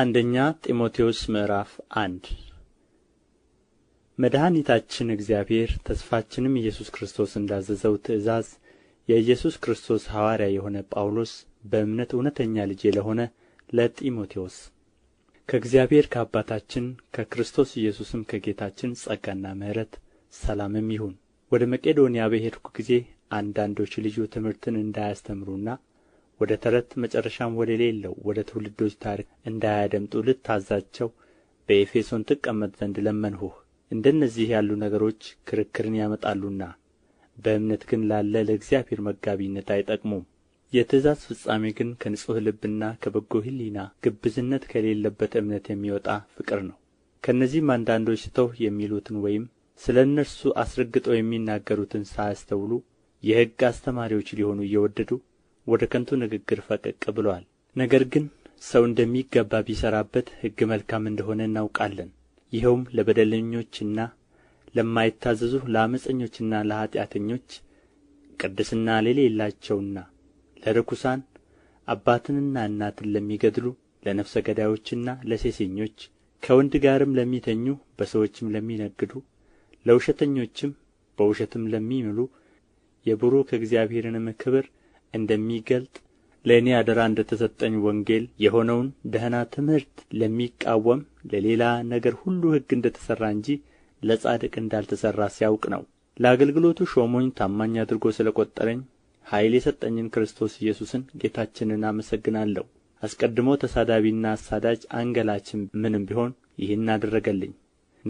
አንደኛ ጢሞቴዎስ ምዕራፍ አንድ መድኃኒታችን እግዚአብሔር ተስፋችንም ኢየሱስ ክርስቶስ እንዳዘዘው ትእዛዝ የኢየሱስ ክርስቶስ ሐዋርያ የሆነ ጳውሎስ በእምነት እውነተኛ ልጄ ለሆነ ለጢሞቴዎስ ከእግዚአብሔር ከአባታችን ከክርስቶስ ኢየሱስም ከጌታችን ጸጋና ምሕረት ሰላምም ይሁን። ወደ መቄዶንያ በሄድኩ ጊዜ አንዳንዶች ልዩ ትምህርትን እንዳያስተምሩና ወደ ተረት መጨረሻም ወደሌለው ወደ ትውልዶች ታሪክ እንዳያደምጡ ልታዛቸው በኤፌሶን ትቀመጥ ዘንድ ለመንሁህ እንደነዚህ ያሉ ነገሮች ክርክርን ያመጣሉና በእምነት ግን ላለ ለእግዚአብሔር መጋቢነት አይጠቅሙም። የትእዛዝ ፍጻሜ ግን ከንጹሕ ልብና ከበጎ ሕሊና ግብዝነት ከሌለበት እምነት የሚወጣ ፍቅር ነው። ከእነዚህም አንዳንዶች ስተው የሚሉትን ወይም ስለ እነርሱ አስረግጠው የሚናገሩትን ሳያስተውሉ የሕግ አስተማሪዎች ሊሆኑ እየወደዱ ወደ ከንቱ ንግግር ፈቀቅ ብሏል። ነገር ግን ሰው እንደሚገባ ቢሰራበት ሕግ መልካም እንደሆነ እናውቃለን ይኸውም ለበደለኞችና ለማይታዘዙ ለአመፀኞችና ለኀጢአተኞች ቅድስና ለሌላቸውና ለርኩሳን አባትንና እናትን ለሚገድሉ ለነፍሰ ገዳዮችና ለሴሰኞች ከወንድ ጋርም ለሚተኙ በሰዎችም ለሚነግዱ ለውሸተኞችም በውሸትም ለሚምሉ የብሩክ እግዚአብሔርንም ክብር እንደሚገልጥ ለእኔ አደራ እንደ ተሰጠኝ ወንጌል የሆነውን ደህና ትምህርት ለሚቃወም ለሌላ ነገር ሁሉ ሕግ እንደ ተሠራ እንጂ ለጻድቅ እንዳልተሠራ ሲያውቅ ነው ለአገልግሎቱ ሾሞኝ ታማኝ አድርጎ ስለ ቈጠረኝ ኃይል የሰጠኝን ክርስቶስ ኢየሱስን ጌታችንን አመሰግናለሁ አስቀድሞ ተሳዳቢና አሳዳጅ አንገላችን ምንም ቢሆን ይህን አደረገልኝ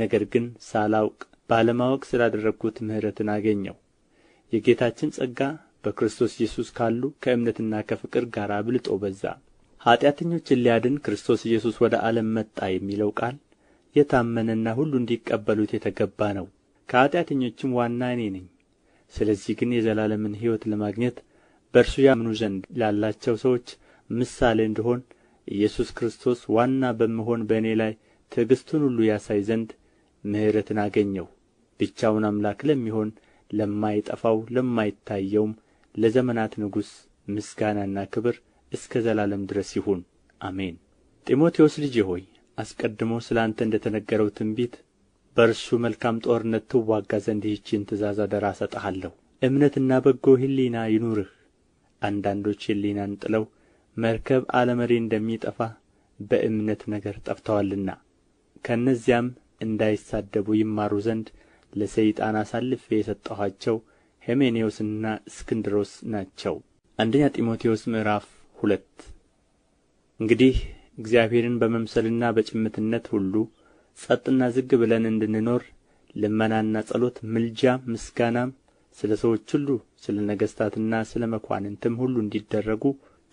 ነገር ግን ሳላውቅ ባለማወቅ ስላደረግኩት ምሕረትን አገኘው የጌታችን ጸጋ በክርስቶስ ኢየሱስ ካሉ ከእምነትና ከፍቅር ጋር አብልጦ በዛ ኃጢአተኞችን ሊያድን ክርስቶስ ኢየሱስ ወደ ዓለም መጣ የሚለው ቃል የታመነና ሁሉ እንዲቀበሉት የተገባ ነው ከኃጢአተኞችም ዋና እኔ ነኝ ስለዚህ ግን የዘላለምን ሕይወት ለማግኘት በእርሱ ያምኑ ዘንድ ላላቸው ሰዎች ምሳሌ እንድሆን ኢየሱስ ክርስቶስ ዋና በመሆን በእኔ ላይ ትዕግሥቱን ሁሉ ያሳይ ዘንድ ምሕረትን አገኘሁ ብቻውን አምላክ ለሚሆን ለማይጠፋው ለማይታየውም ለዘመናት ንጉሥ ምስጋናና ክብር እስከ ዘላለም ድረስ ይሁን አሜን ጢሞቴዎስ ልጄ ሆይ አስቀድሞ ስለ አንተ እንደ ተነገረው ትንቢት በእርሱ መልካም ጦርነት ትዋጋ ዘንድ ይህችን ትእዛዝ አደራ እሰጥሃለሁ እምነትና በጎ ሕሊና ይኑርህ አንዳንዶች ሕሊናን ጥለው መርከብ አለመሪ እንደሚጠፋ በእምነት ነገር ጠፍተዋልና ከእነዚያም እንዳይሳደቡ ይማሩ ዘንድ ለሰይጣን አሳልፌ የሰጠኋቸው ሄሜኔዎስና እስክንድሮስ ናቸው አንደኛ ጢሞቴዎስ ምዕራፍ ሁለት እንግዲህ እግዚአብሔርን በመምሰልና በጭምትነት ሁሉ ጸጥና ዝግ ብለን እንድንኖር ልመናና ጸሎት ምልጃም ምስጋናም ስለ ሰዎች ሁሉ ስለ ነገሥታትና ስለ መኳንንትም ሁሉ እንዲደረጉ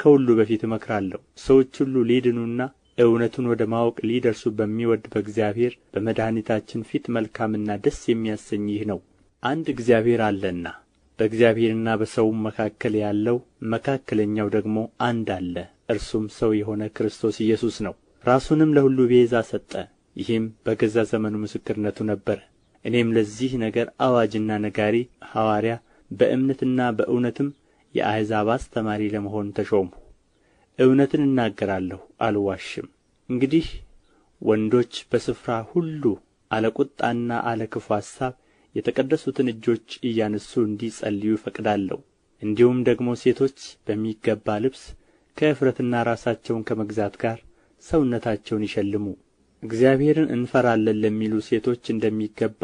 ከሁሉ በፊት እመክራለሁ ሰዎች ሁሉ ሊድኑና እውነቱን ወደ ማወቅ ሊደርሱ በሚወድ በእግዚአብሔር በመድኃኒታችን ፊት መልካምና ደስ የሚያሰኝ ይህ ነው አንድ እግዚአብሔር አለና በእግዚአብሔርና በሰውም መካከል ያለው መካከለኛው ደግሞ አንድ አለ እርሱም ሰው የሆነ ክርስቶስ ኢየሱስ ነው ራሱንም ለሁሉ ቤዛ ሰጠ ይህም በገዛ ዘመኑ ምስክርነቱ ነበረ እኔም ለዚህ ነገር አዋጅና ነጋሪ ሐዋርያ በእምነትና በእውነትም የአሕዛብ አስተማሪ ለመሆን ተሾምሁ እውነትን እናገራለሁ አልዋሽም እንግዲህ ወንዶች በስፍራ ሁሉ አለ ቁጣና አለ ክፉ የተቀደሱትን እጆች እያነሱ እንዲጸልዩ እፈቅዳለሁ እንዲሁም ደግሞ ሴቶች በሚገባ ልብስ ከእፍረትና ራሳቸውን ከመግዛት ጋር ሰውነታቸውን ይሸልሙ እግዚአብሔርን እንፈራለን ለሚሉ ሴቶች እንደሚገባ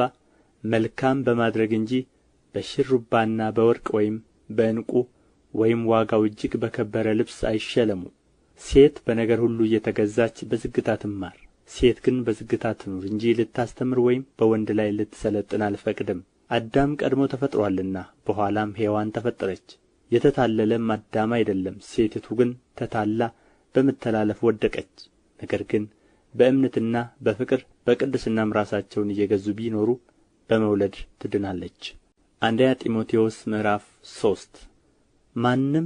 መልካም በማድረግ እንጂ በሽሩባና በወርቅ ወይም በዕንቁ ወይም ዋጋው እጅግ በከበረ ልብስ አይሸለሙ ሴት በነገር ሁሉ እየተገዛች በዝግታ ትማር ሴት ግን በዝግታ ትኑር እንጂ ልታስተምር ወይም በወንድ ላይ ልትሰለጥን አልፈቅድም አዳም ቀድሞ ተፈጥሮአልና በኋላም ሔዋን ተፈጠረች የተታለለም አዳም አይደለም ሴቲቱ ግን ተታላ በመተላለፍ ወደቀች ነገር ግን በእምነትና በፍቅር በቅድስናም ራሳቸውን እየገዙ ቢኖሩ በመውለድ ትድናለች። አንደኛ ጢሞቴዎስ ምዕራፍ ሶስት ማንም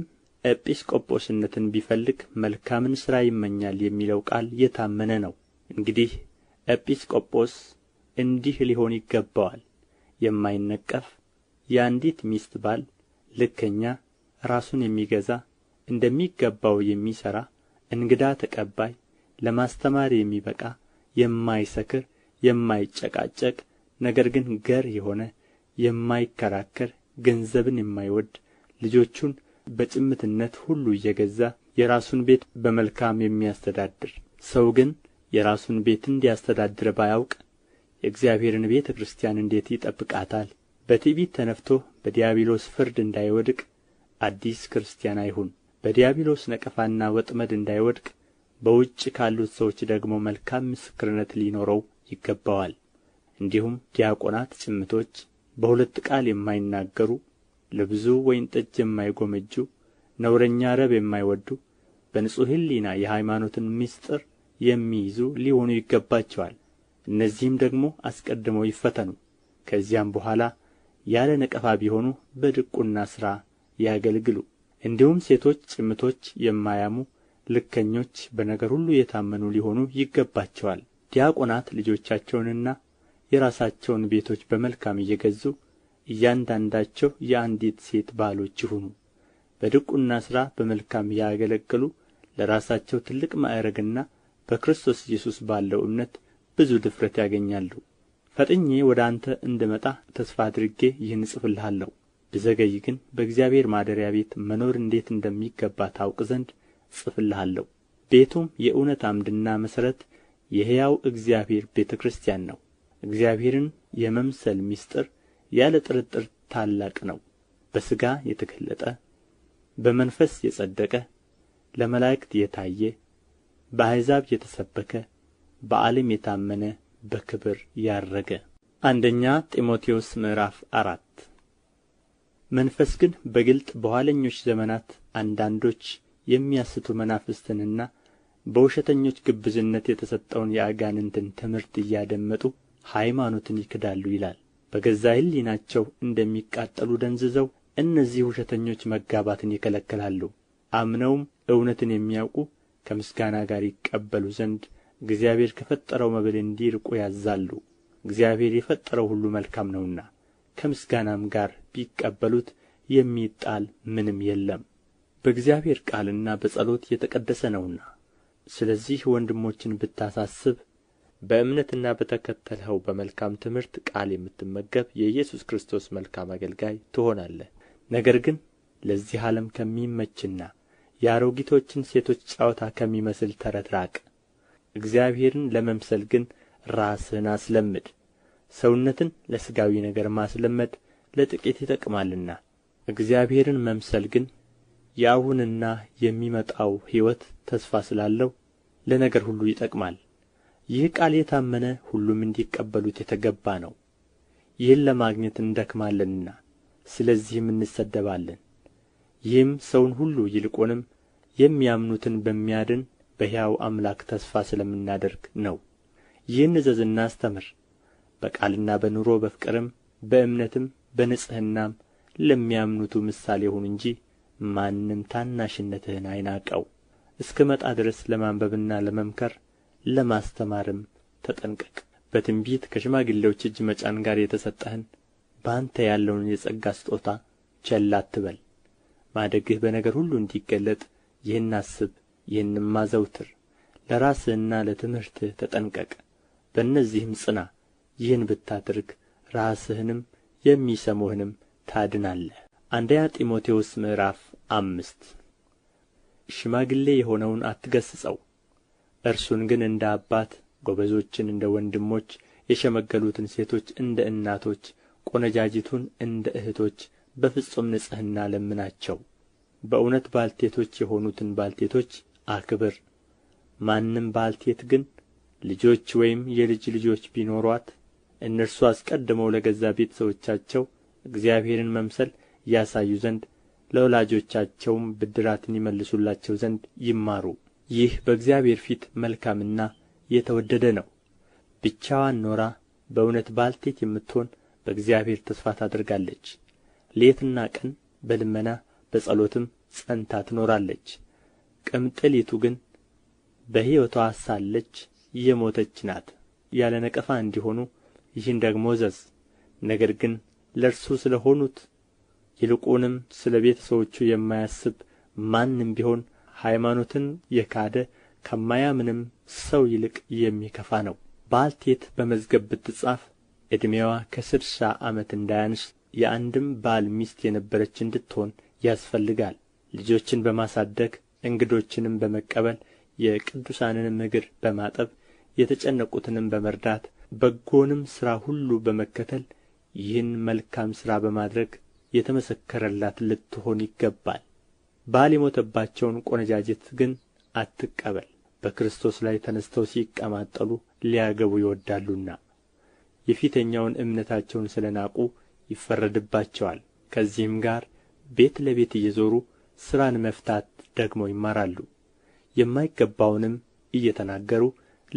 ኤጲስቆጶስነትን ቢፈልግ መልካምን ሥራ ይመኛል የሚለው ቃል የታመነ ነው። እንግዲህ ኤጲስቆጶስ እንዲህ ሊሆን ይገባዋል የማይነቀፍ የአንዲት ሚስት ባል ልከኛ ራሱን የሚገዛ እንደሚገባው የሚሠራ እንግዳ ተቀባይ ለማስተማር የሚበቃ የማይሰክር የማይጨቃጨቅ ነገር ግን ገር የሆነ የማይከራከር ገንዘብን የማይወድ ልጆቹን በጭምትነት ሁሉ እየገዛ የራሱን ቤት በመልካም የሚያስተዳድር ሰው ግን የራሱን ቤት እንዲያስተዳድር ባያውቅ የእግዚአብሔርን ቤተ ክርስቲያን እንዴት ይጠብቃታል በትዕቢት ተነፍቶ በዲያብሎስ ፍርድ እንዳይወድቅ አዲስ ክርስቲያን አይሁን በዲያብሎስ ነቀፋና ወጥመድ እንዳይወድቅ በውጭ ካሉት ሰዎች ደግሞ መልካም ምስክርነት ሊኖረው ይገባዋል እንዲሁም ዲያቆናት ጭምቶች በሁለት ቃል የማይናገሩ ለብዙ ወይን ጠጅ የማይጎመጁ ነውረኛ ረብ የማይወዱ በንጹሕ ሕሊና የሃይማኖትን ምስጢር የሚይዙ ሊሆኑ ይገባቸዋል እነዚህም ደግሞ አስቀድመው ይፈተኑ ከዚያም በኋላ ያለ ነቀፋ ቢሆኑ በድቁና ሥራ ያገልግሉ እንዲሁም ሴቶች ጭምቶች የማያሙ ልከኞች በነገር ሁሉ የታመኑ ሊሆኑ ይገባቸዋል ዲያቆናት ልጆቻቸውንና የራሳቸውን ቤቶች በመልካም እየገዙ እያንዳንዳቸው የአንዲት ሴት ባሎች ይሁኑ በድቁና ሥራ በመልካም ያገለገሉ ለራሳቸው ትልቅ ማዕረግና በክርስቶስ ኢየሱስ ባለው እምነት ብዙ ድፍረት ያገኛሉ ፈጥኜ ወደ አንተ እንድመጣ ተስፋ አድርጌ ይህን እጽፍልሃለሁ ብዘገይ ግን በእግዚአብሔር ማደሪያ ቤት መኖር እንዴት እንደሚገባ ታውቅ ዘንድ እጽፍልሃለሁ ቤቱም የእውነት አምድና መሠረት የሕያው እግዚአብሔር ቤተ ክርስቲያን ነው እግዚአብሔርን የመምሰል ምስጢር ያለ ጥርጥር ታላቅ ነው በሥጋ የተገለጠ በመንፈስ የጸደቀ ለመላእክት የታየ በአሕዛብ የተሰበከ በዓለም የታመነ በክብር ያረገ አንደኛ ጢሞቴዎስ ምዕራፍ አራት መንፈስ ግን በግልጥ በኋለኞች ዘመናት አንዳንዶች የሚያስቱ መናፍስትንና በውሸተኞች ግብዝነት የተሰጠውን የአጋንንትን ትምህርት እያደመጡ ሃይማኖትን ይክዳሉ ይላል። በገዛ ሕሊናቸው እንደሚቃጠሉ ደንዝዘው እነዚህ ውሸተኞች መጋባትን ይከለክላሉ። አምነውም እውነትን የሚያውቁ ከምስጋና ጋር ይቀበሉ ዘንድ እግዚአብሔር ከፈጠረው መብል እንዲርቁ ያዛሉ። እግዚአብሔር የፈጠረው ሁሉ መልካም ነውና ከምስጋናም ጋር ቢቀበሉት የሚጣል ምንም የለም በእግዚአብሔር ቃልና በጸሎት የተቀደሰ ነውና ስለዚህ ወንድሞችን ብታሳስብ በእምነትና በተከተልኸው በመልካም ትምህርት ቃል የምትመገብ የኢየሱስ ክርስቶስ መልካም አገልጋይ ትሆናለህ ነገር ግን ለዚህ ዓለም ከሚመችና የአሮጊቶችን ሴቶች ጨዋታ ከሚመስል ተረት ራቅ እግዚአብሔርን ለመምሰል ግን ራስህን አስለምድ ሰውነትን ለሥጋዊ ነገር ማስለመድ ለጥቂት ይጠቅማልና እግዚአብሔርን መምሰል ግን የአሁንና የሚመጣው ሕይወት ተስፋ ስላለው ለነገር ሁሉ ይጠቅማል። ይህ ቃል የታመነ ሁሉም እንዲቀበሉት የተገባ ነው። ይህን ለማግኘት እንደክማለንና ስለዚህም እንሰደባለን ይህም ሰውን ሁሉ ይልቁንም የሚያምኑትን በሚያድን በሕያው አምላክ ተስፋ ስለምናደርግ ነው ይህን እዘዝና አስተምር በቃልና በኑሮ በፍቅርም በእምነትም በንጽሕናም ለሚያምኑቱ ምሳሌ ሁን እንጂ ማንም ታናሽነትህን አይናቀው መጣ ድረስ ለማንበብና ለመምከር ለማስተማርም ተጠንቀቅ በትንቢት ከሽማግሌዎች እጅ መጫን ጋር የተሰጠህን በአንተ ያለውን የጸጋ ስጦታ ቸል አትበል ማደግህ በነገር ሁሉ እንዲገለጥ ይህን አስብ ይህንም አዘውትር ለራስህና ለትምህርትህ ተጠንቀቅ በእነዚህም ጽና ይህን ብታደርግ ራስህንም የሚሰሙህንም ታድናለህ። አንደኛ ጢሞቴዎስ ምዕራፍ አምስት ሽማግሌ የሆነውን አትገሥጸው፣ እርሱን ግን እንደ አባት ጎበዞችን እንደ ወንድሞች፣ የሸመገሉትን ሴቶች እንደ እናቶች፣ ቆነጃጅቱን እንደ እህቶች በፍጹም ንጽሕና ለምናቸው በእውነት ባልቴቶች የሆኑትን ባልቴቶች አክብር ማንም ባልቴት ግን ልጆች ወይም የልጅ ልጆች ቢኖሯት እነርሱ አስቀድመው ለገዛ ቤተ ሰዎቻቸው እግዚአብሔርን መምሰል ያሳዩ ዘንድ ለወላጆቻቸውም ብድራትን ይመልሱላቸው ዘንድ ይማሩ። ይህ በእግዚአብሔር ፊት መልካምና የተወደደ ነው። ብቻዋን ኖራ በእውነት ባልቴት የምትሆን በእግዚአብሔር ተስፋ ታደርጋለች። ሌትና ቀን በልመና በጸሎትም ጸንታ ትኖራለች ቅምጥሊቱ ግን በሕይወቷ ሳለች የሞተች ናት ያለ ነቀፋ እንዲሆኑ ይህን ደግሞ እዘዝ ነገር ግን ለእርሱ ስለ ሆኑት ይልቁንም ስለ ቤተ ሰዎቹ የማያስብ ማንም ቢሆን ሃይማኖትን የካደ ከማያምንም ሰው ይልቅ የሚከፋ ነው ባልቴት በመዝገብ ብትጻፍ ዕድሜዋ ከስድሳ ዓመት እንዳያንስ የአንድም ባል ሚስት የነበረች እንድትሆን ያስፈልጋል ልጆችን በማሳደግ እንግዶችንም በመቀበል የቅዱሳንንም እግር በማጠብ የተጨነቁትንም በመርዳት በጎንም ሥራ ሁሉ በመከተል ይህን መልካም ሥራ በማድረግ የተመሰከረላት ልትሆን ይገባል። ባል የሞተባቸውን ቆነጃጅት ግን አትቀበል፣ በክርስቶስ ላይ ተነስተው ሲቀማጠሉ ሊያገቡ ይወዳሉና የፊተኛውን እምነታቸውን ስለ ናቁ ይፈረድባቸዋል ከዚህም ጋር ቤት ለቤት እየዞሩ ሥራን መፍታት ደግሞ ይማራሉ የማይገባውንም እየተናገሩ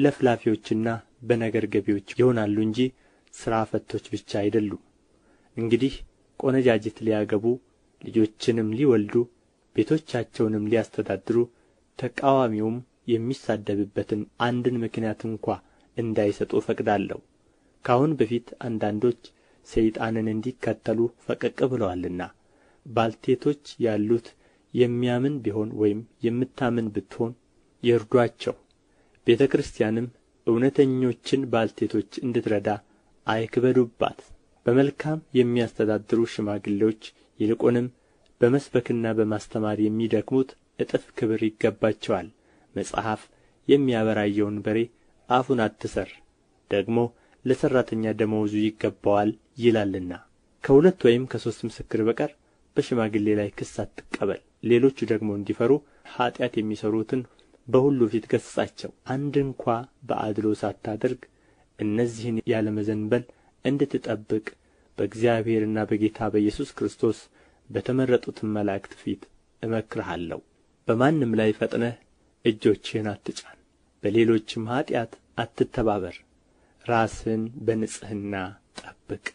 ለፍላፊዎችና በነገር ገቢዎች ይሆናሉ እንጂ ሥራ ፈቶች ብቻ አይደሉም እንግዲህ ቆነጃጅት ሊያገቡ ልጆችንም ሊወልዱ ቤቶቻቸውንም ሊያስተዳድሩ ተቃዋሚውም የሚሳደብበትን አንድን ምክንያት እንኳ እንዳይሰጡ እፈቅዳለሁ ከአሁን በፊት አንዳንዶች ሰይጣንን እንዲከተሉ ፈቀቅ ብለዋልና ባልቴቶች ያሉት የሚያምን ቢሆን ወይም የምታምን ብትሆን ይርዷቸው። ቤተ ክርስቲያንም እውነተኞችን ባልቴቶች እንድትረዳ አይክበዱባት በመልካም የሚያስተዳድሩ ሽማግሌዎች ይልቁንም በመስበክና በማስተማር የሚደክሙት እጥፍ ክብር ይገባቸዋል መጽሐፍ የሚያበራየውን በሬ አፉን አትሰር ደግሞ ለሠራተኛ ደመወዙ ይገባዋል ይላልና ከሁለት ወይም ከሦስት ምስክር በቀር በሽማግሌ ላይ ክስ አትቀበል ሌሎቹ ደግሞ እንዲፈሩ ኀጢአት የሚሠሩትን በሁሉ ፊት ገሥጻቸው አንድ እንኳ በአድሎ ሳታደርግ እነዚህን ያለመዘንበል እንድትጠብቅ በእግዚአብሔርና በጌታ በኢየሱስ ክርስቶስ በተመረጡትም መላእክት ፊት እመክርሃለሁ። በማንም ላይ ፈጥነህ እጆችህን አትጫን፣ በሌሎችም ኀጢአት አትተባበር። ራስህን በንጽህና ጠብቅ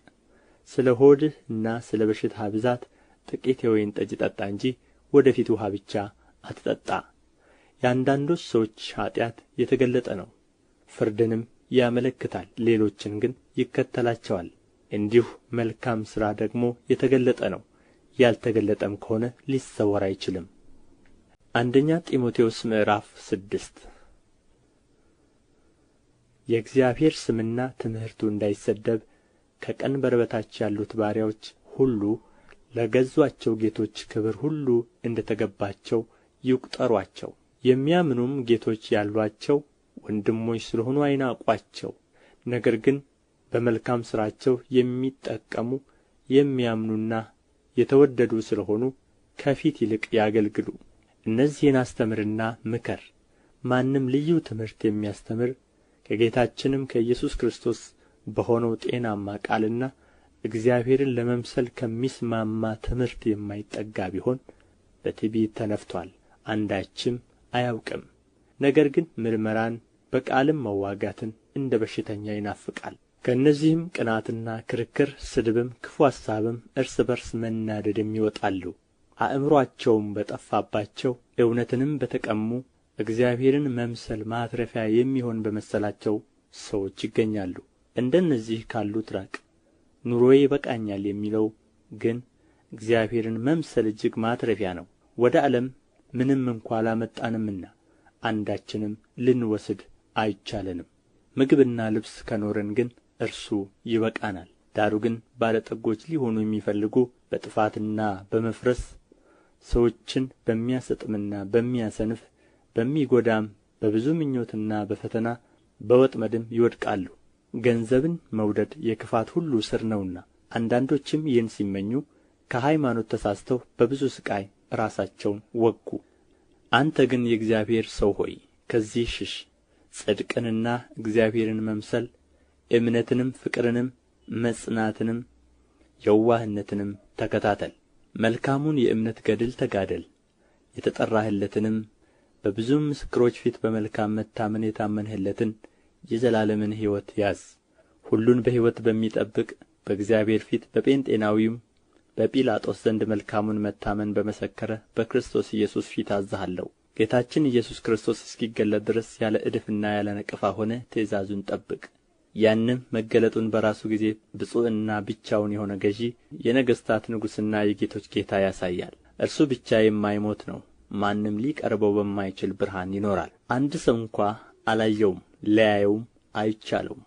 ስለ ሆድህና ስለ በሽታ ብዛት ጥቂት የወይን ጠጅ ጠጣ እንጂ ወደ ፊት ብቻ አትጠጣ የአንዳንዶች ሰዎች ኃጢአት የተገለጠ ነው ፍርድንም ያመለክታል ሌሎችን ግን ይከተላቸዋል እንዲሁ መልካም ሥራ ደግሞ የተገለጠ ነው ያልተገለጠም ከሆነ ሊሰወር አይችልም አንደኛ ጢሞቴዎስ ምዕራፍ ስድስት የእግዚአብሔር ስምና ትምህርቱ እንዳይሰደብ ከቀንበር በታች ያሉት ባሪያዎች ሁሉ ለገዟቸው ጌቶች ክብር ሁሉ እንደ ተገባቸው ይቁጠሯቸው። የሚያምኑም ጌቶች ያሏቸው ወንድሞች ስለሆኑ አይናቋቸው። ነገር ግን በመልካም ሥራቸው የሚጠቀሙ የሚያምኑና የተወደዱ ስለሆኑ ከፊት ይልቅ ያገልግሉ እነዚህን አስተምርና ምከር ማንም ልዩ ትምህርት የሚያስተምር ከጌታችንም ከኢየሱስ ክርስቶስ በሆነው ጤናማ ቃልና እግዚአብሔርን ለመምሰል ከሚስማማ ትምህርት የማይጠጋ ቢሆን በትዕቢት ተነፍቷል አንዳችም አያውቅም ነገር ግን ምርመራን በቃልም መዋጋትን እንደ በሽተኛ ይናፍቃል ከእነዚህም ቅናትና ክርክር ስድብም ክፉ ሐሳብም፣ እርስ በርስ መናደድም ይወጣሉ አእምሮአቸውም በጠፋባቸው እውነትንም በተቀሙ እግዚአብሔርን መምሰል ማትረፊያ የሚሆን በመሰላቸው ሰዎች ይገኛሉ እንደነዚህ ካሉት ራቅ ኑሮዬ ይበቃኛል የሚለው ግን እግዚአብሔርን መምሰል እጅግ ማትረፊያ ነው ወደ ዓለም ምንም እንኳ አላመጣንምና አንዳችንም ልንወስድ አይቻለንም ምግብና ልብስ ከኖረን ግን እርሱ ይበቃናል ዳሩ ግን ባለጠጎች ሊሆኑ የሚፈልጉ በጥፋትና በመፍረስ ሰዎችን በሚያሰጥምና በሚያሰንፍ በሚጎዳም በብዙ ምኞትና በፈተና በወጥመድም ይወድቃሉ ገንዘብን መውደድ የክፋት ሁሉ ስር ነውና አንዳንዶችም ይህን ሲመኙ ከሃይማኖት ተሳስተው በብዙ ሥቃይ ራሳቸውን ወጉ። አንተ ግን የእግዚአብሔር ሰው ሆይ ከዚህ ሽሽ፣ ጽድቅንና እግዚአብሔርን መምሰል እምነትንም ፍቅርንም መጽናትንም የዋህነትንም ተከታተል። መልካሙን የእምነት ገድል ተጋደል፣ የተጠራህለትንም በብዙም ምስክሮች ፊት በመልካም መታመን የታመንህለትን የዘላለምን ሕይወት ያዝ ሁሉን በሕይወት በሚጠብቅ በእግዚአብሔር ፊት በጴንጤናዊውም በጲላጦስ ዘንድ መልካሙን መታመን በመሰከረ በክርስቶስ ኢየሱስ ፊት አዝሃለሁ ጌታችን ኢየሱስ ክርስቶስ እስኪገለጥ ድረስ ያለ እድፍና ያለ ነቀፋ ሆነ ትእዛዙን ጠብቅ። ያንም መገለጡን በራሱ ጊዜ ብፁዕና ብቻውን የሆነ ገዢ የነገሥታት ንጉሥና የጌቶች ጌታ ያሳያል። እርሱ ብቻ የማይሞት ነው፣ ማንም ሊቀርበው በማይችል ብርሃን ይኖራል አንድ ሰው እንኳ አላየውም ሊያየውም አይቻለውም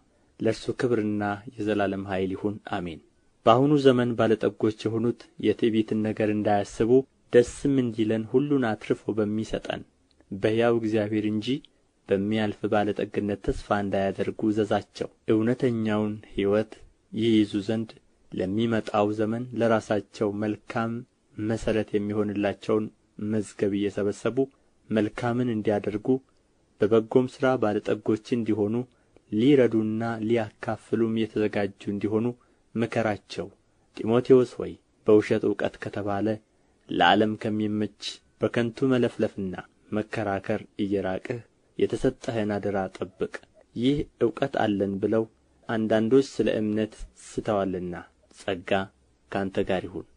ለእርሱ ክብርና የዘላለም ኃይል ይሁን አሜን በአሁኑ ዘመን ባለጠጎች የሆኑት የትዕቢትን ነገር እንዳያስቡ ደስም እንዲለን ሁሉን አትርፎ በሚሰጠን በሕያው እግዚአብሔር እንጂ በሚያልፍ ባለጠግነት ተስፋ እንዳያደርጉ እዘዛቸው እውነተኛውን ሕይወት ይይዙ ዘንድ ለሚመጣው ዘመን ለራሳቸው መልካም መሠረት የሚሆንላቸውን መዝገብ እየሰበሰቡ መልካምን እንዲያደርጉ በበጎም ሥራ ባለ ጠጎች እንዲሆኑ ሊረዱና ሊያካፍሉም የተዘጋጁ እንዲሆኑ ምከራቸው ጢሞቴዎስ ሆይ በውሸት እውቀት ከተባለ ለዓለም ከሚመች በከንቱ መለፍለፍና መከራከር እየራቅህ የተሰጠህን አደራ ጠብቅ። ይህ እውቀት አለን ብለው አንዳንዶች ስለ እምነት ስተዋልና ጸጋ ካንተ ጋር ይሁን።